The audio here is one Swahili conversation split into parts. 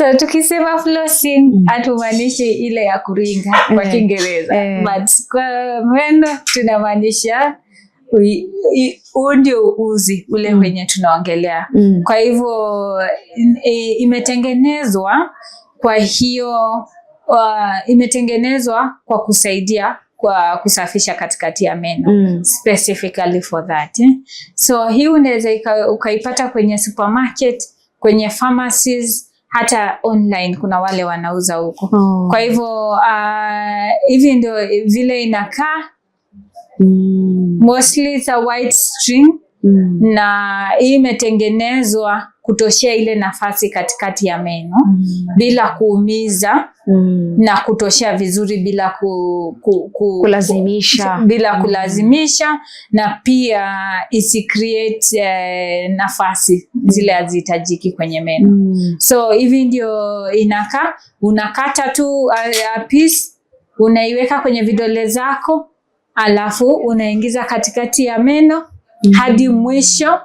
So tukisema flossing mm. ile ya kuringa mm. kwa eh. Kiingereza mm. but kwa meno tunamaanisha huu ndio uzi ule mm. wenye tunaongelea mm. kwa hivyo imetengenezwa kwa hiyo uh, imetengenezwa kwa kusaidia kwa kusafisha katikati ya meno mm. specifically for that eh? So hii unaweza ukaipata kwenye supermarket, kwenye pharmacies hata online kuna wale wanauza huko oh. Kwa hivyo uh, hivi uh, ndio vile inakaa mm. Mostly it's a white string mm. na hii imetengenezwa kutoshea ile nafasi katikati ya meno mm. bila kuumiza mm. na kutoshea vizuri bila ku, ku, ku, kulazimisha bila mm. kulazimisha, na pia isi eh, nafasi mm. zile hazihitajiki kwenye meno mm. so hivi ndio inakaa, unakata tu a, eh, a piece unaiweka kwenye vidole zako alafu unaingiza katikati ya meno mm. hadi mwisho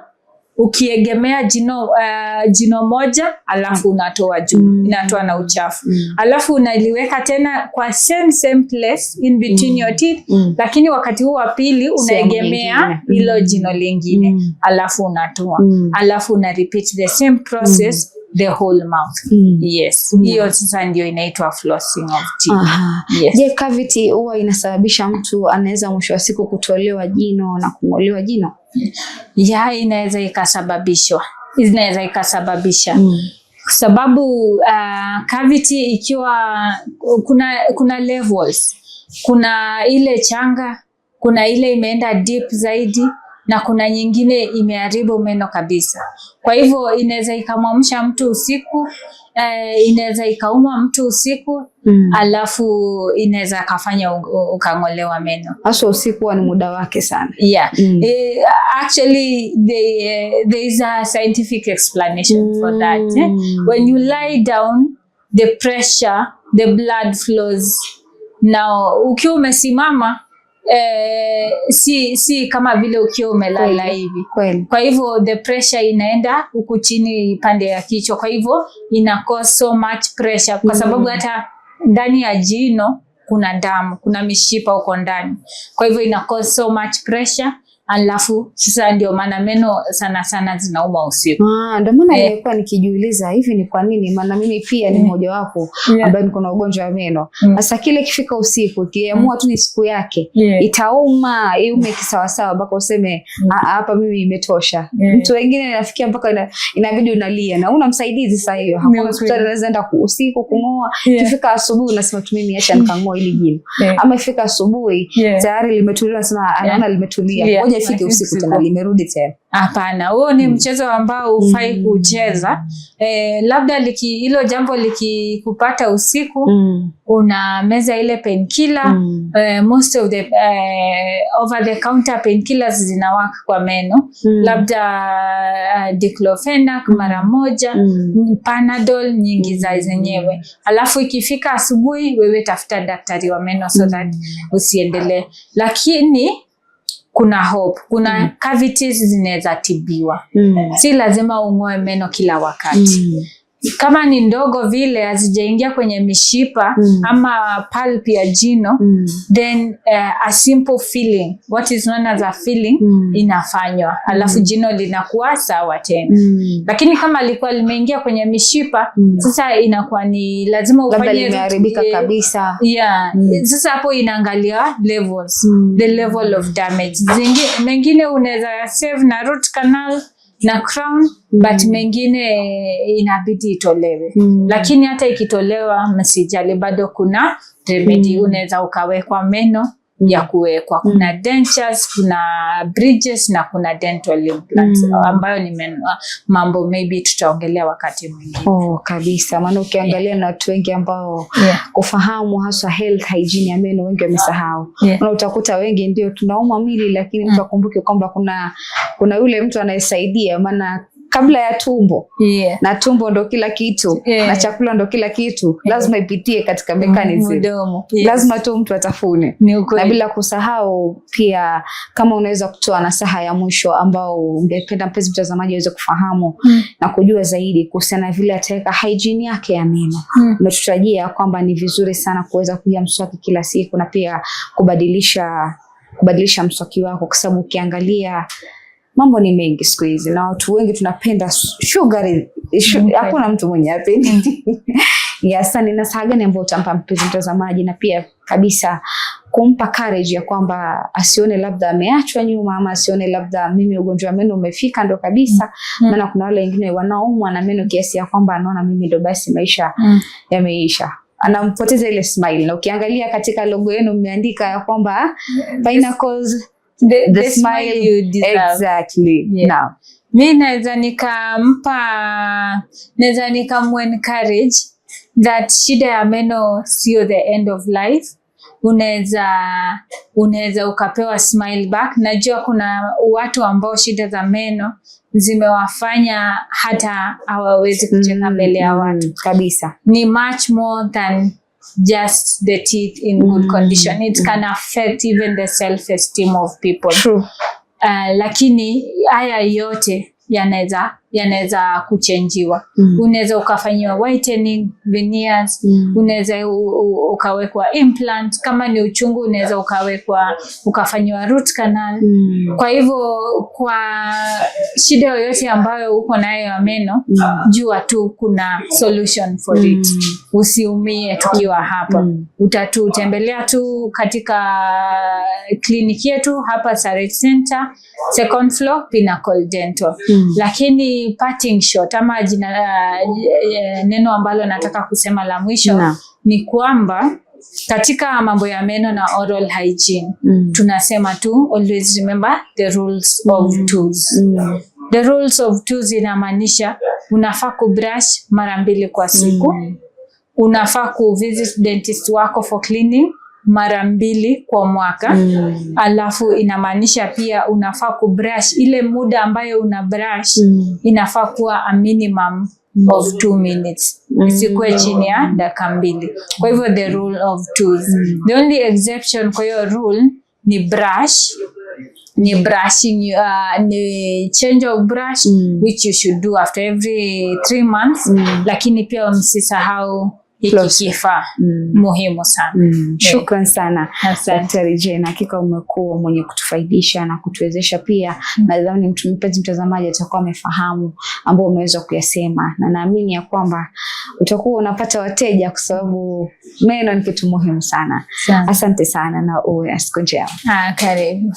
ukiegemea jino, uh, jino moja alafu unatoa juu mm. inatoa na uchafu mm. alafu unaliweka tena kwa same same place in between mm. your teeth mm. lakini wakati huu wa pili unaegemea hilo mm. jino lingine mm. alafu unatoa mm. alafu una repeat the same process mm the whole mouth. Mm. Yes. Mm. Hiyo sasa ndio inaitwa flossing of teeth. Yes. Je, cavity huwa inasababisha mtu anaweza mwisho wa siku kutolewa jino na kung'olewa jino? Ya, inaweza ikasababishwa. Inaweza ikasababisha. Mm. sababu uh, cavity ikiwa kuna kuna levels. Kuna ile changa, kuna ile imeenda deep zaidi na kuna nyingine imeharibu meno kabisa. Kwa hivyo inaweza ikamwamsha mtu usiku eh, inaweza ikauma mtu usiku mm. Alafu inaweza kafanya ukang'olewa meno, hasa usiku ni muda wake sana yeah. mm. eh, actually they, uh, eh, there is a scientific explanation mm. for that eh? Mm. When you lie down the pressure the blood flows. Now ukiwa umesimama eh, si, si kama vile ukiwa umelala hivi. Kwa hivyo the pressure inaenda huku chini pande ya kichwa, kwa hivyo ina cause so much pressure, kwa sababu mm. hata ndani ya jino kuna damu, kuna mishipa huko ndani, kwa hivyo ina cause so much pressure alafu sasa ndio maana meno sana sana zinauma usiku. Ah, ndio maana eh, nilikuwa nikijiuliza hivi ni kwa nini, maana mimi pia ni eh. mmoja wapo yeah, ambaye niko na ugonjwa wa meno mm. sasa. Mm. Kile kifika usiku kiamua mm, tu ni siku yake yeah, itauma iume kisawasawa mpaka useme mm. Ah, hapa, mm, mimi imetosha. Yeah. Mtu wengine nafikia mpaka ina, inabidi unalia na una msaidizi saa hiyo, hakuna hospitali unaweza enda usiku kung'oa. Yeah. Kifika asubuhi unasema tu mimi acha mm. nikang'oa ili jino, yeah, ama ifika asubuhi yeah, tayari limetulia, unasema anaona ah, limetulia yeah ngoja usiku tena limerudi tena. Hapana, huo ni mm. mchezo ambao hufai mm. kucheza e, labda liki hilo jambo likikupata usiku mm. una meza ile painkiller mm. E, most of the uh, over the counter painkillers zinawaka kwa meno mm. labda uh, diclofenac mm. mara moja mm. panadol nyingi za mm. zenyewe, alafu ikifika asubuhi wewe tafuta daktari wa meno so that usiendelee, lakini kuna hope, kuna mm. cavities zinaweza tibiwa mm. si lazima ung'oe meno kila wakati mm kama ni ndogo vile hazijaingia kwenye mishipa mm. ama palp ya jino mm. then uh, a simple feeling what is known as a feeling mm. inafanywa mm. alafu mm. jino linakuwa sawa tena mm. lakini kama alikuwa limeingia kwenye mishipa mm. sasa inakuwa ni lazima ufanye limeharibika eh, kabisa yeah. mm. sasa hapo inaangalia levels mm. the level of damage zingine mengine unaweza save na root canal na crown but mm. mengine inabidi itolewe mm. Lakini hata ikitolewa msijali, bado kuna remedy mm. Unaweza ukawekwa meno ya kuwekwa. Mm. Kuna dentures, kuna bridges na kuna dental implants mm. ambayo ni uh, mambo maybe tutaongelea wakati mwingine. Oh, kabisa maana ukiangalia yeah. na watu wengi ambao yeah. kufahamu hasa health hygiene ya meno wengi wamesahau yeah. na utakuta wengi ndio tunaumwa mili, lakini mtu mm. akumbuke kwamba kuna kuna yule mtu anayesaidia maana kabla ya tumbo yeah. na tumbo ndo kila kitu yeah. na chakula ndo kila kitu yeah. lazima ipitie katika mechanism mm, yes. lazima tu mtu atafune, na bila kusahau pia, kama unaweza kutoa nasaha ya mwisho ambao ungependa mpenzi mtazamaji aweze kufahamu mm. na kujua zaidi kuhusiana vile ataweka hygiene yake ya meno mm. umetutajia kwamba ni vizuri sana kuweza kuja mswaki kila siku na pia kubadilisha kubadilisha mswaki wako kwa sababu ukiangalia mambo ni mengi siku hizi na watu wengi tunapenda sugar. Mm-hmm. Hakuna mtu mwenye apendi ya sana. Ni nasaha gani ambayo utampa mpenzi mtazamaji, na pia kabisa kumpa courage ya kwamba asione labda ameachwa nyuma, ama asione labda mimi ugonjwa wa meno umefika ndo kabisa. Mm-hmm. Maana mm. kuna wale wengine wanaumwa na meno kiasi ya kwamba anaona mimi ndo basi maisha mm. yameisha anampoteza ile smile, na ukiangalia katika logo yenu mmeandika ya kwamba yes the, the, the smile, smile you deserve. Exactly. Yeah. Now mi naweza nikampa, naweza nikamwe encourage that shida ya meno sio the end of life. Unaweza unaweza ukapewa smile back. Najua kuna watu ambao shida za meno zimewafanya hata hawawezi kucheka mm, mbele ya mm, watu kabisa. Ni much more than just the teeth in good mm. condition. It can affect even the self esteem of people. True. Uh, lakini haya yote yanaweza yanaweza kuchenjiwa mm. Unaweza ukafanyiwa whitening veneers mm. Unaweza ukawekwa implant kama ni uchungu, unaweza ukawekwa ukafanyiwa root canal mm. Kwa hivyo kwa shida yoyote ambayo uko nayo ya meno mm. Jua tu kuna solution for mm. it. Usiumie tukiwa hapa mm. Utatutembelea tu katika kliniki yetu hapa Sarit Center, second floor Pinnacle Dental mm. Lakini parting shot ama jina, uh, eh, neno ambalo nataka kusema la mwisho na, ni kwamba katika mambo ya meno na oral hygiene mm. tunasema tu always remember the rules mm. of tools mm. the rules of tools inamaanisha unafaa kubrush mara mbili kwa siku mm. unafaa kuvisit dentist wako for cleaning mara mbili kwa mwaka mm. Alafu inamaanisha pia unafaa kubrush ile muda ambayo una brush mm. inafaa kuwa a minimum mm. of two minutes mm. isikuwe chini ya dakika mbili. Kwa hivyo the rule of twos mm. the only exception kwa hiyo rule ni brush ni brushing uh, ni change of brush mm. which you should do after every three months mm. Lakini pia msisahau hiki kifaa mm. muhimu sana mm. Eh. Shukran sana Daktari Jane, hakika umekuwa mwenye kutufaidisha na kutuwezesha pia mm. Nadhani mtu mpenzi mtazamaji atakuwa amefahamu ambao umeweza kuyasema, na naamini ya kwamba utakuwa unapata wateja kwa sababu meno ni kitu muhimu sana. Asante sana na uwe siku njema. Ah, karibu.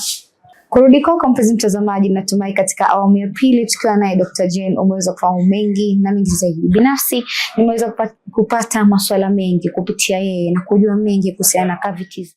Kurudi kwako mpenzi mtazamaji, natumai katika awamu ya pili tukiwa naye Dr. Jane umeweza kufahamu mengi na mengi zaidi. Binafsi nimeweza kupata masuala mengi kupitia yeye na kujua mengi kuhusiana na cavities.